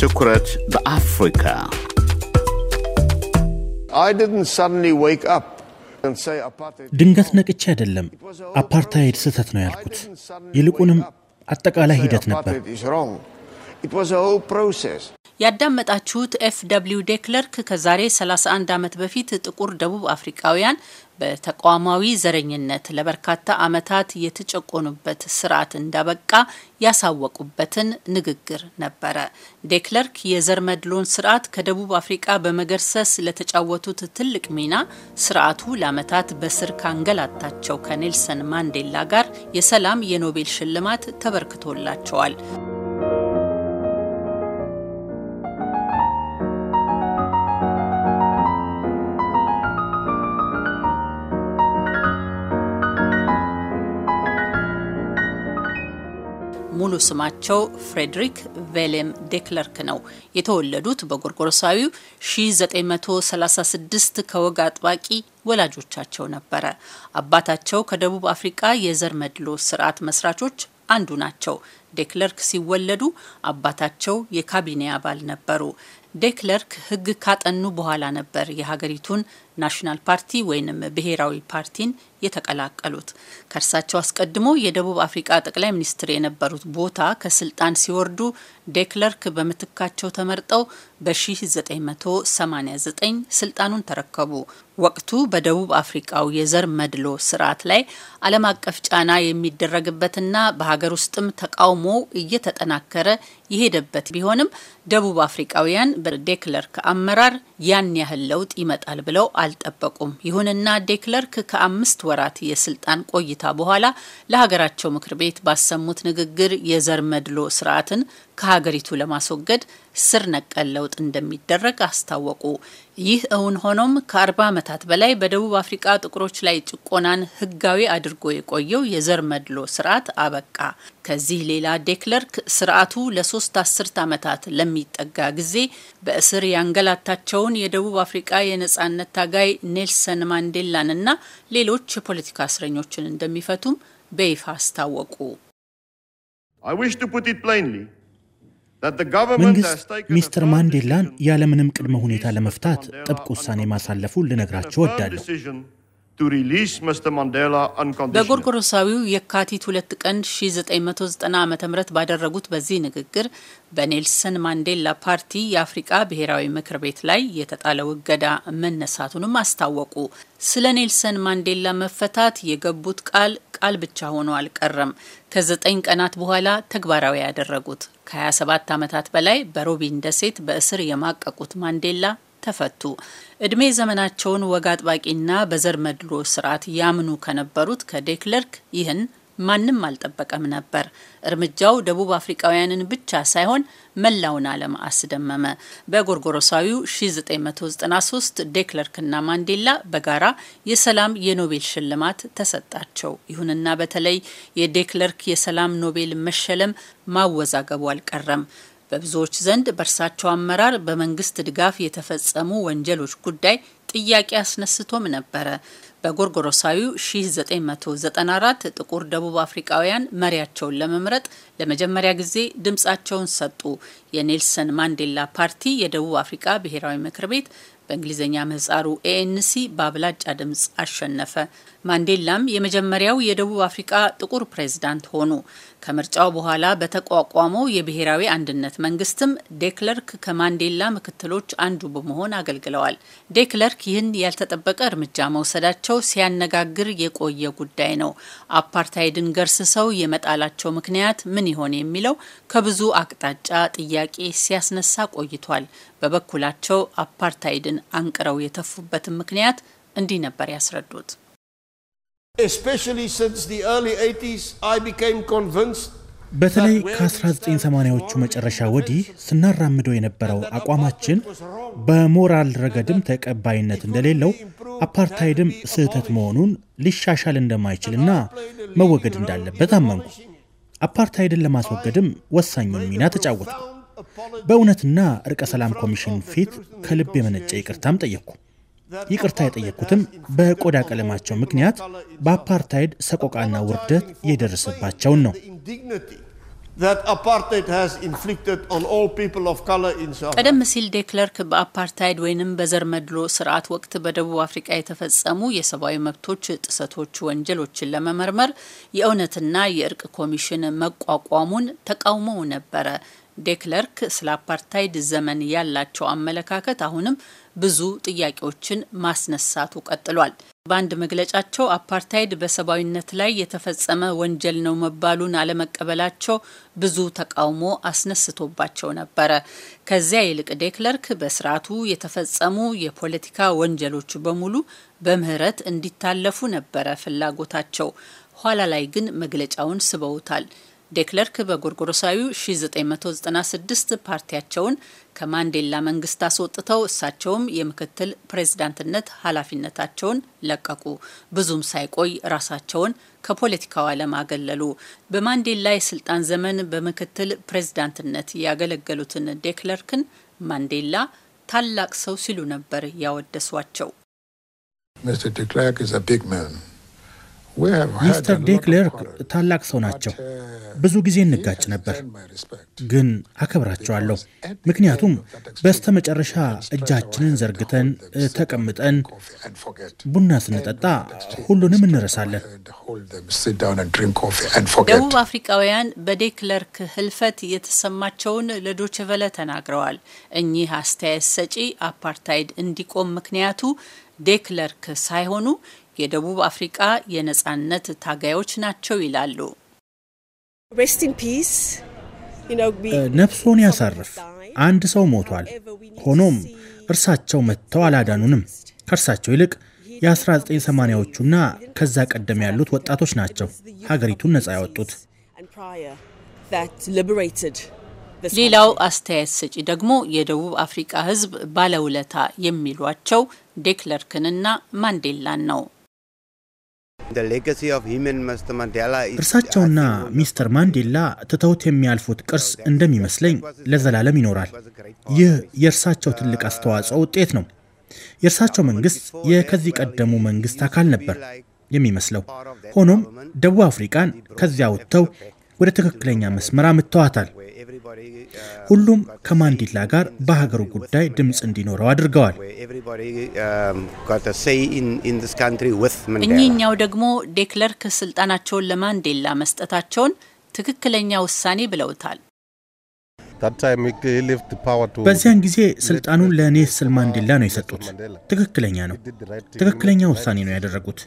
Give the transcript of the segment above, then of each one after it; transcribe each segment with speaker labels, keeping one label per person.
Speaker 1: ትኩረት በአፍሪካ ድንገት ነቅቼ አይደለም አፓርታይድ ስህተት ነው ያልኩት። ይልቁንም አጠቃላይ ሂደት ነበር።
Speaker 2: ያዳመጣችሁት ኤፍ ደብሊው ዴክለርክ ከዛሬ 31 ዓመት በፊት ጥቁር ደቡብ አፍሪካውያን በተቋማዊ ዘረኝነት ለበርካታ ዓመታት የተጨቆኑበት ስርዓት እንዳበቃ ያሳወቁበትን ንግግር ነበረ። ዴክለርክ የዘር መድሎን ስርዓት ከደቡብ አፍሪቃ በመገርሰስ ለተጫወቱት ትልቅ ሚና ስርዓቱ ለዓመታት በስር ካንገላታቸው ከኔልሰን ማንዴላ ጋር የሰላም የኖቤል ሽልማት ተበርክቶላቸዋል። ስማቸው ፍሬድሪክ ቬሌም ዴክለርክ ነው። የተወለዱት በጎርጎረሳዊው 1936 ከወግ አጥባቂ ወላጆቻቸው ነበረ። አባታቸው ከደቡብ አፍሪቃ የዘር መድሎ ስርዓት መስራቾች አንዱ ናቸው። ዴክለርክ ሲወለዱ አባታቸው የካቢኔ አባል ነበሩ። ዴክለርክ ሕግ ካጠኑ በኋላ ነበር የሀገሪቱን ናሽናል ፓርቲ ወይንም ብሔራዊ ፓርቲን የተቀላቀሉት። ከእርሳቸው አስቀድሞ የደቡብ አፍሪቃ ጠቅላይ ሚኒስትር የነበሩት ቦታ ከስልጣን ሲወርዱ ዴክለርክ በምትካቸው ተመርጠው በ1989 ስልጣኑን ተረከቡ። ወቅቱ በደቡብ አፍሪቃው የዘር መድሎ ስርዓት ላይ ዓለም አቀፍ ጫና የሚደረግበትና በሀገር ውስጥም ተቃውሞ እየተጠናከረ የሄደበት ቢሆንም ደቡብ አፍሪቃውያን በዴክለርክ አመራር ያን ያህል ለውጥ ይመጣል ብለው አልጠበቁም። ይሁንና ዴክለርክ ከአምስት ወራት የስልጣን ቆይታ በኋላ ለሀገራቸው ምክር ቤት ባሰሙት ንግግር የዘር መድሎ ስርዓትን ከሀገሪቱ ለማስወገድ ስር ነቀል ለውጥ እንደሚደረግ አስታወቁ። ይህ እውን ሆኖም ከ40 ዓመታት በላይ በደቡብ አፍሪቃ ጥቁሮች ላይ ጭቆናን ህጋዊ አድርጎ የቆየው የዘር መድሎ ስርዓት አበቃ። ከዚህ ሌላ ዴክለርክ ስርዓቱ ለሶስት አስርት ዓመታት ለሚጠጋ ጊዜ በእስር ያንገላታቸውን የደቡብ አፍሪቃ የነጻነት ታጋይ ኔልሰን ማንዴላን እና ሌሎች የፖለቲካ እስረኞችን እንደሚፈቱም በይፋ አስታወቁ። I wish to put it plainly. መንግስት
Speaker 1: ሚስተር ማንዴላን ያለምንም ቅድመ ሁኔታ ለመፍታት ጥብቅ ውሳኔ ማሳለፉ ልነግራቸው ወዳለሁ።
Speaker 2: በጎርጎሮሳዊው የካቲት ሁለት ቀን 1990 ዓ ም ባደረጉት በዚህ ንግግር በኔልሰን ማንዴላ ፓርቲ የአፍሪቃ ብሔራዊ ምክር ቤት ላይ የተጣለው እገዳ መነሳቱንም አስታወቁ። ስለ ኔልሰን ማንዴላ መፈታት የገቡት ቃል ቃል ብቻ ሆኖ አልቀረም። ከዘጠኝ ቀናት በኋላ ተግባራዊ ያደረጉት ከ27 ዓመታት በላይ በሮቢን ደሴት በእስር የማቀቁት ማንዴላ ተፈቱ። እድሜ ዘመናቸውን ወግ አጥባቂና በዘር መድሎ ስርዓት ያምኑ ከነበሩት ከዴክለርክ ይህን ማንም አልጠበቀም ነበር። እርምጃው ደቡብ አፍሪካውያንን ብቻ ሳይሆን መላውን ዓለም አስደመመ። በጎርጎሮሳዊው 1993 ዴክለርክና ማንዴላ በጋራ የሰላም የኖቤል ሽልማት ተሰጣቸው። ይሁንና በተለይ የዴክለርክ የሰላም ኖቤል መሸለም ማወዛገቡ አልቀረም። በብዙዎች ዘንድ በእርሳቸው አመራር በመንግስት ድጋፍ የተፈጸሙ ወንጀሎች ጉዳይ ጥያቄ አስነስቶም ነበረ። በጎርጎሮሳዊው 1994 ጥቁር ደቡብ አፍሪካውያን መሪያቸውን ለመምረጥ ለመጀመሪያ ጊዜ ድምፃቸውን ሰጡ። የኔልሰን ማንዴላ ፓርቲ የደቡብ አፍሪካ ብሔራዊ ምክር ቤት በእንግሊዝኛ ምህጻሩ ኤኤንሲ በአብላጫ ድምፅ አሸነፈ። ማንዴላም የመጀመሪያው የደቡብ አፍሪካ ጥቁር ፕሬዝዳንት ሆኑ። ከምርጫው በኋላ በተቋቋመው የብሔራዊ አንድነት መንግስትም ዴክለርክ ከማንዴላ ምክትሎች አንዱ በመሆን አገልግለዋል። ዴክለርክ ይህን ያልተጠበቀ እርምጃ መውሰዳቸው ሲያነጋግር የቆየ ጉዳይ ነው። አፓርታይድን ገርስሰው የመጣላቸው ምክንያት ምን ይሆን የሚለው ከብዙ አቅጣጫ ጥያቄ ሲያስነሳ ቆይቷል። በበኩላቸው አፓርታይድን አንቅረው የተፉበትን ምክንያት እንዲህ ነበር ያስረዱት።
Speaker 1: especially since the early 80s I became convinced በተለይ ከ1980ዎቹ መጨረሻ ወዲህ ስናራምደው የነበረው አቋማችን በሞራል ረገድም ተቀባይነት እንደሌለው አፓርታይድም ስህተት መሆኑን ሊሻሻል እንደማይችልና መወገድ እንዳለበት አመንኩ። አፓርታይድን ለማስወገድም ወሳኙን ሚና ተጫወቱ። በእውነትና እርቀ ሰላም ኮሚሽን ፊት ከልብ የመነጨ ይቅርታም ጠየቅኩ። ይቅርታ የጠየቁትም በቆዳ ቀለማቸው ምክንያት በአፓርታይድ ሰቆቃና ውርደት የደረሰባቸውን ነው። ቀደም
Speaker 2: ሲል ዴክለርክ በአፓርታይድ ወይንም በዘር መድሎ ስርዓት ወቅት በደቡብ አፍሪቃ የተፈጸሙ የሰብአዊ መብቶች ጥሰቶች ወንጀሎችን ለመመርመር የእውነትና የእርቅ ኮሚሽን መቋቋሙን ተቃውሞው ነበረ። ዴክለርክ ስለ አፓርታይድ ዘመን ያላቸው አመለካከት አሁንም ብዙ ጥያቄዎችን ማስነሳቱ ቀጥሏል። በአንድ መግለጫቸው አፓርታይድ በሰብአዊነት ላይ የተፈጸመ ወንጀል ነው መባሉን አለመቀበላቸው ብዙ ተቃውሞ አስነስቶባቸው ነበረ። ከዚያ ይልቅ ዴክለርክ በስርዓቱ የተፈጸሙ የፖለቲካ ወንጀሎች በሙሉ በምህረት እንዲታለፉ ነበረ ፍላጎታቸው። ኋላ ላይ ግን መግለጫውን ስበውታል። ዴክለርክ በጎርጎሮሳዊ 1996 ፓርቲያቸውን ከማንዴላ መንግስት አስወጥተው እሳቸውም የምክትል ፕሬዝዳንትነት ኃላፊነታቸውን ለቀቁ። ብዙም ሳይቆይ ራሳቸውን ከፖለቲካው ዓለም አገለሉ። በማንዴላ የስልጣን ዘመን በምክትል ፕሬዝዳንትነት ያገለገሉትን ዴክለርክን ማንዴላ ታላቅ ሰው ሲሉ ነበር ያወደሷቸው። ሚስተር ዴክለርክ ኢዝ አ ቢግ ማን
Speaker 1: ሚስተር ዴክሌርክ ታላቅ ሰው ናቸው። uh, ብዙ ጊዜ እንጋጭ ነበር፣ ግን አከብራቸዋለሁ። ምክንያቱም በስተመጨረሻ እጃችንን ዘርግተን ተቀምጠን ቡና ስንጠጣ ሁሉንም እንረሳለን። ደቡብ
Speaker 2: አፍሪካውያን በዴክለርክ ህልፈት የተሰማቸውን ለዶችቨለ ተናግረዋል። እኚህ አስተያየት ሰጪ አፓርታይድ እንዲቆም ምክንያቱ ዴክለርክ ሳይሆኑ የደቡብ አፍሪቃ የነጻነት ታጋዮች ናቸው ይላሉ።
Speaker 1: ነፍሶን ያሳርፍ። አንድ ሰው ሞቷል። ሆኖም እርሳቸው መጥተው አላዳኑንም። ከእርሳቸው ይልቅ የ1980ዎቹና ከዛ ቀደም ያሉት ወጣቶች ናቸው ሀገሪቱን ነጻ ያወጡት።
Speaker 2: ሌላው አስተያየት ሰጪ ደግሞ የደቡብ አፍሪቃ ሕዝብ ባለውለታ የሚሏቸው ዴክለርክንና ማንዴላን ነው።
Speaker 1: እርሳቸውና ሚስተር ማንዴላ ትተውት የሚያልፉት ቅርስ እንደሚመስለኝ ለዘላለም ይኖራል። ይህ የእርሳቸው ትልቅ አስተዋጽኦ ውጤት ነው። የእርሳቸው መንግስት የከዚህ ቀደሙ መንግስት አካል ነበር የሚመስለው። ሆኖም ደቡብ አፍሪቃን ከዚያ ወጥተው ወደ ትክክለኛ መስመር አምጥተዋታል። ሁሉም ከማንዴላ ጋር በሀገሩ ጉዳይ ድምፅ እንዲኖረው አድርገዋል። እኚህኛው
Speaker 2: ደግሞ ዴክለርክ ስልጣናቸውን ለማንዴላ መስጠታቸውን ትክክለኛ ውሳኔ ብለውታል።
Speaker 1: በዚያን ጊዜ ስልጣኑን ለኔልሰን ማንዴላ ነው የሰጡት። ትክክለኛ ነው፣ ትክክለኛ ውሳኔ ነው ያደረጉት።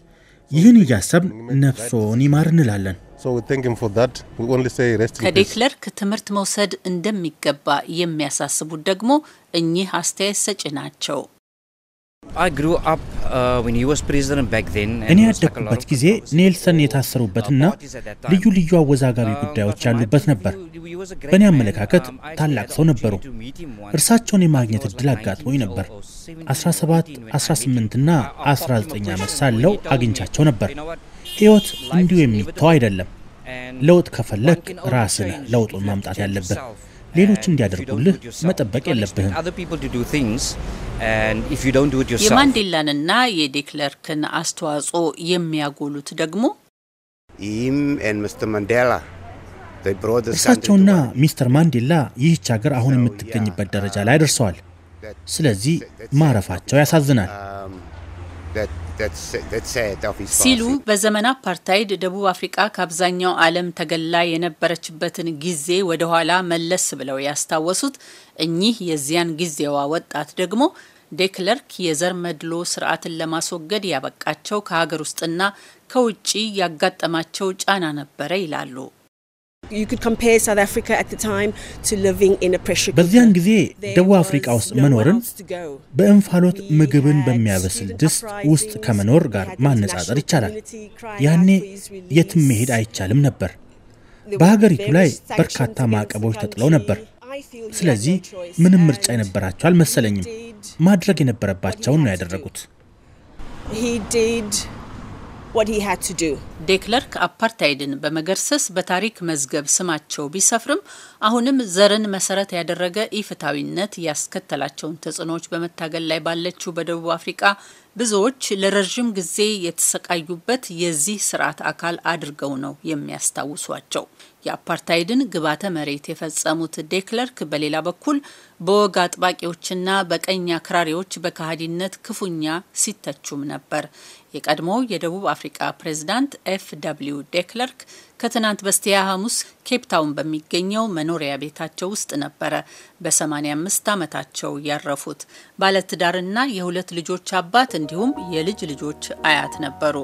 Speaker 1: ይህን እያሰብን ነፍሶን ይማር እንላለን። ከዴክለርክ
Speaker 2: ትምህርት መውሰድ እንደሚገባ የሚያሳስቡት ደግሞ እኚህ አስተያየት ሰጪ ናቸው። uh, እኔ ያደግኩበት ጊዜ
Speaker 1: ኔልሰን የታሰሩበትና ልዩ ልዩ አወዛጋቢ um, ጉዳዮች ያሉበት ነበር። በእኔ አመለካከት um, ታላቅ ሰው ነበሩ። እርሳቸውን የማግኘት እድል አጋጥሞኝ ነበር። 17፣ 18 እና 19 ዓመት ሳለው አግኝቻቸው ነበር። ሕይወት እንዲሁ የሚተው አይደለም። ለውጥ ከፈለግ ራስን ለውጡን ማምጣት ያለብህ፣ ሌሎች እንዲያደርጉልህ መጠበቅ የለብህም።
Speaker 2: የማንዴላንና የዴክለርክን አስተዋጽኦ የሚያጎሉት ደግሞ
Speaker 1: እርሳቸውና ሚስተር ማንዴላ ይህች ሀገር አሁን የምትገኝበት ደረጃ ላይ ደርሰዋል። ስለዚህ ማረፋቸው ያሳዝናል። um, ሲሉ
Speaker 2: በዘመን አፓርታይድ ደቡብ አፍሪቃ ከአብዛኛው ዓለም ተገላ የነበረችበትን ጊዜ ወደኋላ መለስ ብለው ያስታወሱት እኚህ የዚያን ጊዜዋ ወጣት ደግሞ ዴክለርክ የዘር መድሎ ስርዓትን ለማስወገድ ያበቃቸው ከሀገር ውስጥና ከውጭ ያጋጠማቸው ጫና ነበረ ይላሉ። በዚያን
Speaker 1: ጊዜ ደቡብ አፍሪካ ውስጥ መኖርን በእንፋሎት ምግብን በሚያበስል ድስት ውስጥ ከመኖር ጋር ማነጻጸር ይቻላል። ያኔ የትም መሄድ አይቻልም ነበር። በሀገሪቱ ላይ በርካታ ማዕቀቦች ተጥለው ነበር። ስለዚህ ምንም ምርጫ የነበራቸው አልመሰለኝም። ማድረግ የነበረባቸውን ነው ያደረጉት።
Speaker 2: ዴክለርክ አፓርታይድን በመገርሰስ በታሪክ መዝገብ ስማቸው ቢሰፍርም አሁንም ዘርን መሰረት ያደረገ ኢፍታዊነት ያስከተላቸውን ተጽዕኖዎች በመታገል ላይ ባለችው በደቡብ አፍሪቃ ብዙዎች ለረዥም ጊዜ የተሰቃዩበት የዚህ ስርዓት አካል አድርገው ነው የሚያስታውሷቸው። የአፓርታይድን ግባተ መሬት የፈጸሙት ዴክለርክ በሌላ በኩል በወግ አጥባቂዎችና በቀኝ አክራሪዎች በካሃዲነት ክፉኛ ሲተቹም ነበር። የቀድሞው የደቡብ አፍሪቃ ፕሬዝዳንት ኤፍ ደብልዩ ዴክለርክ ከትናንት በስቲያ ሐሙስ ኬፕታውን በሚገኘው መኖሪያ ቤታቸው ውስጥ ነበረ በ85 ዓመታቸው ያረፉት። ባለትዳርና የሁለት ልጆች አባት እንዲሁም የልጅ ልጆች አያት ነበሩ።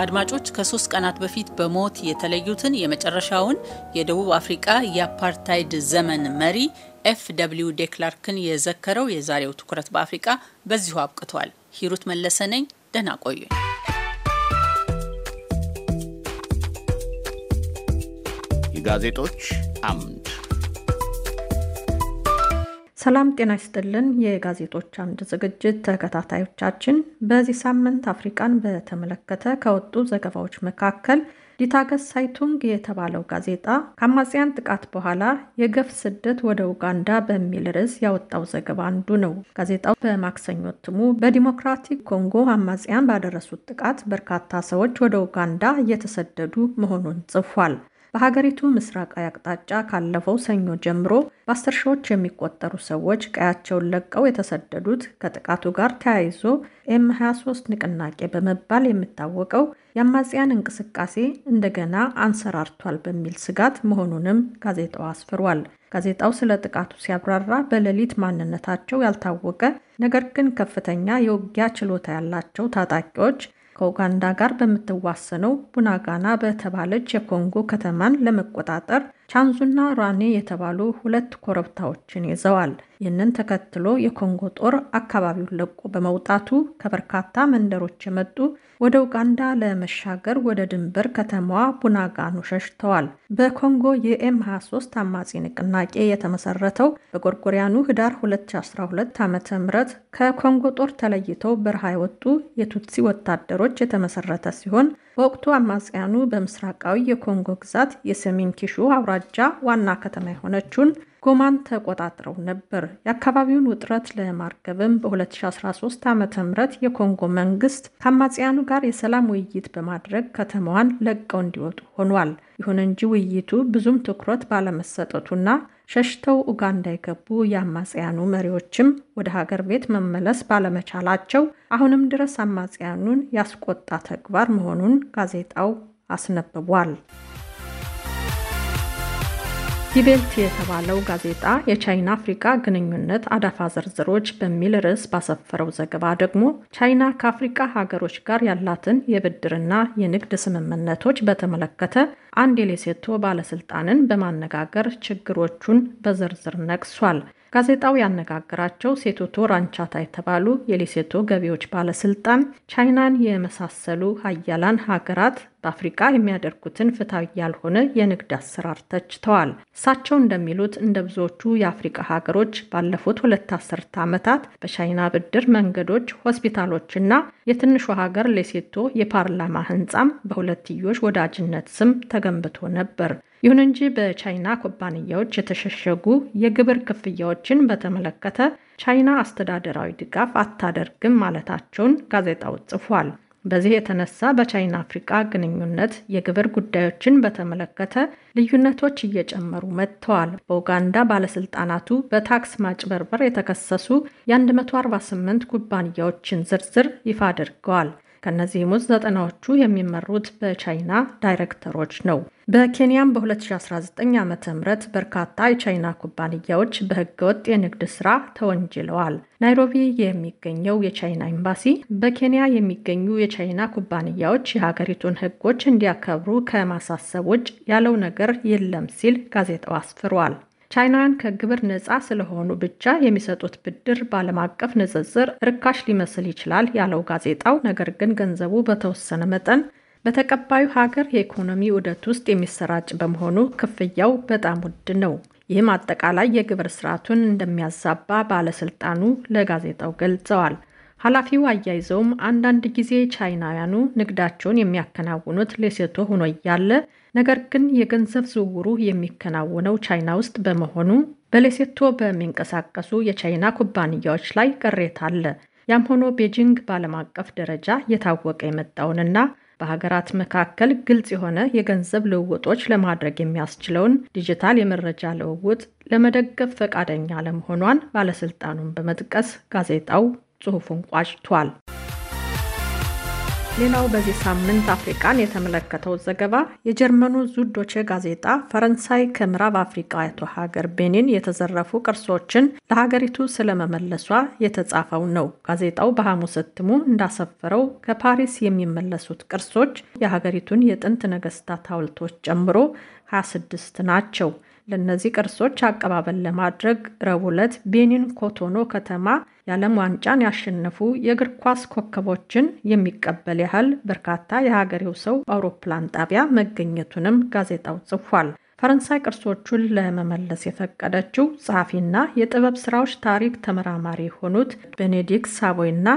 Speaker 2: አድማጮች ከሶስት ቀናት በፊት በሞት የተለዩትን የመጨረሻውን የደቡብ አፍሪቃ የአፓርታይድ ዘመን መሪ ኤፍ ደብልዩ ዴክላርክን የዘከረው የዛሬው ትኩረት በአፍሪቃ በዚሁ አብቅቷል። ሂሩት መለሰ ነኝ። ደህና ቆዩኝ።
Speaker 1: የጋዜጦች አምድ
Speaker 3: ሰላም ጤና ይስጥልን። የጋዜጦች አምድ ዝግጅት ተከታታዮቻችን፣ በዚህ ሳምንት አፍሪቃን በተመለከተ ከወጡ ዘገባዎች መካከል ሊታገስ ሳይቱንግ የተባለው ጋዜጣ ከአማጽያን ጥቃት በኋላ የገፍ ስደት ወደ ኡጋንዳ በሚል ርዕስ ያወጣው ዘገባ አንዱ ነው። ጋዜጣው በማክሰኞ እትሙ በዲሞክራቲክ ኮንጎ አማጽያን ባደረሱት ጥቃት በርካታ ሰዎች ወደ ኡጋንዳ እየተሰደዱ መሆኑን ጽፏል። በሀገሪቱ ምስራቃዊ አቅጣጫ ካለፈው ሰኞ ጀምሮ በአስር ሺዎች የሚቆጠሩ ሰዎች ቀያቸውን ለቀው የተሰደዱት ከጥቃቱ ጋር ተያይዞ ኤም 23 ንቅናቄ በመባል የሚታወቀው የአማጽያን እንቅስቃሴ እንደገና አንሰራርቷል በሚል ስጋት መሆኑንም ጋዜጣው አስፍሯል። ጋዜጣው ስለ ጥቃቱ ሲያብራራ በሌሊት ማንነታቸው ያልታወቀ ነገር ግን ከፍተኛ የውጊያ ችሎታ ያላቸው ታጣቂዎች ከኡጋንዳ ጋር በምትዋሰነው ቡናጋና በተባለች የኮንጎ ከተማን ለመቆጣጠር ቻንዙና ራኔ የተባሉ ሁለት ኮረብታዎችን ይዘዋል። ይህንን ተከትሎ የኮንጎ ጦር አካባቢውን ለቆ በመውጣቱ ከበርካታ መንደሮች የመጡ ወደ ኡጋንዳ ለመሻገር ወደ ድንበር ከተማዋ ቡናጋኑ ሸሽተዋል። በኮንጎ የኤም 23 አማጺ ንቅናቄ የተመሰረተው በጎርጎሪያኑ ህዳር 2012 ዓ ም ከኮንጎ ጦር ተለይተው በረሃ የወጡ የቱትሲ ወታደሮች የተመሰረተ ሲሆን በወቅቱ አማጽያኑ በምስራቃዊ የኮንጎ ግዛት የሰሜን ኪሹ አውራጃ ዋና ከተማ የሆነችውን ጎማን ተቆጣጥረው ነበር። የአካባቢውን ውጥረት ለማርገብም በ2013 ዓ ም የኮንጎ መንግስት ከአማጽያኑ ጋር የሰላም ውይይት በማድረግ ከተማዋን ለቀው እንዲወጡ ሆኗል። ይሁን እንጂ ውይይቱ ብዙም ትኩረት ባለመሰጠቱና ሸሽተው ኡጋንዳ የገቡ የአማጽያኑ መሪዎችም ወደ ሀገር ቤት መመለስ ባለመቻላቸው አሁንም ድረስ አማጽያኑን ያስቆጣ ተግባር መሆኑን ጋዜጣው አስነብቧል። ይቬልት የተባለው ጋዜጣ የቻይና አፍሪካ ግንኙነት አዳፋ ዝርዝሮች በሚል ርዕስ ባሰፈረው ዘገባ ደግሞ ቻይና ከአፍሪካ ሀገሮች ጋር ያላትን የብድርና የንግድ ስምምነቶች በተመለከተ አንድ የሌሴቶ ባለስልጣንን በማነጋገር ችግሮቹን በዝርዝር ነቅሷል። ጋዜጣው ያነጋገራቸው ሴቶቶ ራንቻታ የተባሉ የሌሴቶ ገቢዎች ባለስልጣን ቻይናን የመሳሰሉ ሀያላን ሀገራት በአፍሪቃ የሚያደርጉትን ፍትሐዊ ያልሆነ የንግድ አሰራር ተችተዋል። እሳቸው እንደሚሉት እንደ ብዙዎቹ የአፍሪቃ ሀገሮች ባለፉት ሁለት አስርተ ዓመታት በቻይና ብድር መንገዶች፣ ሆስፒታሎችና የትንሹ ሀገር ሌሴቶ የፓርላማ ህንጻም በሁለትዮሽ ወዳጅነት ስም ተገንብቶ ነበር። ይሁን እንጂ በቻይና ኩባንያዎች የተሸሸጉ የግብር ክፍያዎችን በተመለከተ ቻይና አስተዳደራዊ ድጋፍ አታደርግም ማለታቸውን ጋዜጣው ጽፏል። በዚህ የተነሳ በቻይና አፍሪቃ ግንኙነት የግብር ጉዳዮችን በተመለከተ ልዩነቶች እየጨመሩ መጥተዋል። በኡጋንዳ ባለስልጣናቱ በታክስ ማጭበርበር የተከሰሱ የ148 ኩባንያዎችን ዝርዝር ይፋ አድርገዋል። ከእነዚህም ውስጥ ዘጠናዎቹ የሚመሩት በቻይና ዳይሬክተሮች ነው። በኬንያም በ2019 ዓ ም በርካታ የቻይና ኩባንያዎች በህገወጥ የንግድ ስራ ተወንጅለዋል። ናይሮቢ የሚገኘው የቻይና ኤምባሲ በኬንያ የሚገኙ የቻይና ኩባንያዎች የሀገሪቱን ህጎች እንዲያከብሩ ከማሳሰብ ውጭ ያለው ነገር የለም ሲል ጋዜጣው አስፍሯል። ቻይናውያን ከግብር ነፃ ስለሆኑ ብቻ የሚሰጡት ብድር በዓለም አቀፍ ንጽጽር ርካሽ ሊመስል ይችላል ያለው ጋዜጣው፣ ነገር ግን ገንዘቡ በተወሰነ መጠን በተቀባዩ ሀገር የኢኮኖሚ ውደት ውስጥ የሚሰራጭ በመሆኑ ክፍያው በጣም ውድ ነው። ይህም አጠቃላይ የግብር ስርዓቱን እንደሚያዛባ ባለስልጣኑ ለጋዜጣው ገልጸዋል። ኃላፊው አያይዘውም አንዳንድ ጊዜ ቻይናውያኑ ንግዳቸውን የሚያከናውኑት ሌሴቶ ሆኖ እያለ ነገር ግን የገንዘብ ዝውውሩ የሚከናወነው ቻይና ውስጥ በመሆኑ በሌሴቶ በሚንቀሳቀሱ የቻይና ኩባንያዎች ላይ ቅሬታ አለ። ያም ሆኖ ቤጂንግ በዓለም አቀፍ ደረጃ የታወቀ የመጣውንና በሀገራት መካከል ግልጽ የሆነ የገንዘብ ልውውጦች ለማድረግ የሚያስችለውን ዲጂታል የመረጃ ልውውጥ ለመደገፍ ፈቃደኛ አለመሆኗን ባለስልጣኑን በመጥቀስ ጋዜጣው ጽሑፉን ቋጭቷል። ሌላው በዚህ ሳምንት አፍሪቃን የተመለከተው ዘገባ የጀርመኑ ዙዶቼ ጋዜጣ ፈረንሳይ ከምዕራብ አፍሪቃዊቱ ሀገር ቤኒን የተዘረፉ ቅርሶችን ለሀገሪቱ ስለመመለሷ የተጻፈው ነው። ጋዜጣው በሐሙስ እትሙ እንዳሰፈረው ከፓሪስ የሚመለሱት ቅርሶች የሀገሪቱን የጥንት ነገስታት ሐውልቶች ጨምሮ 26 ናቸው። ለእነዚህ ቅርሶች አቀባበል ለማድረግ ረቡዕ ዕለት ቤኒን ኮቶኖ ከተማ የዓለም ዋንጫን ያሸነፉ የእግር ኳስ ኮከቦችን የሚቀበል ያህል በርካታ የሀገሬው ሰው አውሮፕላን ጣቢያ መገኘቱንም ጋዜጣው ጽፏል። ፈረንሳይ ቅርሶቹን ለመመለስ የፈቀደችው ጸሐፊና የጥበብ ስራዎች ታሪክ ተመራማሪ የሆኑት ቤኔዲክት ሳቦይና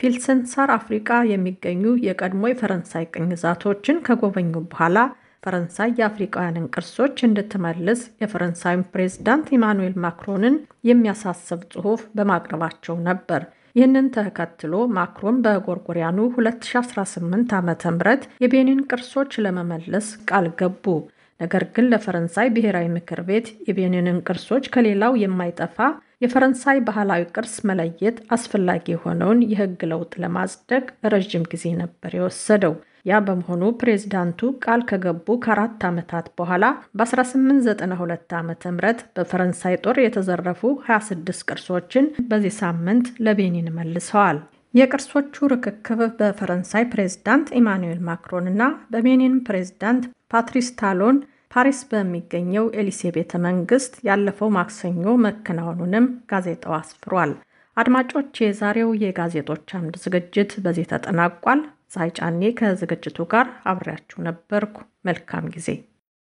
Speaker 3: ፊልሰንሳር አፍሪቃ የሚገኙ የቀድሞ የፈረንሳይ ቅኝ ግዛቶችን ከጎበኙ በኋላ ፈረንሳይ የአፍሪቃውያንን ቅርሶች እንድትመልስ የፈረንሳዩን ፕሬዝዳንት ኢማኑኤል ማክሮንን የሚያሳስብ ጽሑፍ በማቅረባቸው ነበር። ይህንን ተከትሎ ማክሮን በጎርጎሪያኑ 2018 ዓ ም የቤኒን ቅርሶች ለመመለስ ቃል ገቡ። ነገር ግን ለፈረንሳይ ብሔራዊ ምክር ቤት የቤኒንን ቅርሶች ከሌላው የማይጠፋ የፈረንሳይ ባህላዊ ቅርስ መለየት አስፈላጊ የሆነውን የሕግ ለውጥ ለማጽደቅ ረዥም ጊዜ ነበር የወሰደው። ያ በመሆኑ ፕሬዚዳንቱ ቃል ከገቡ ከአራት ዓመታት በኋላ በ1892 ዓ ም በፈረንሳይ ጦር የተዘረፉ 26 ቅርሶችን በዚህ ሳምንት ለቤኒን መልሰዋል። የቅርሶቹ ርክክብ በፈረንሳይ ፕሬዝዳንት ኢማኑኤል ማክሮን እና በቤኒን ፕሬዝዳንት ፓትሪስ ታሎን ፓሪስ በሚገኘው ኤሊሴ ቤተ መንግስት ያለፈው ማክሰኞ መከናወኑንም ጋዜጣው አስፍሯል። አድማጮች፣ የዛሬው የጋዜጦች አምድ ዝግጅት በዚህ ተጠናቋል። ፀሐይ ጫኔ ከዝግጅቱ ጋር አብሬያችሁ ነበርኩ። መልካም ጊዜ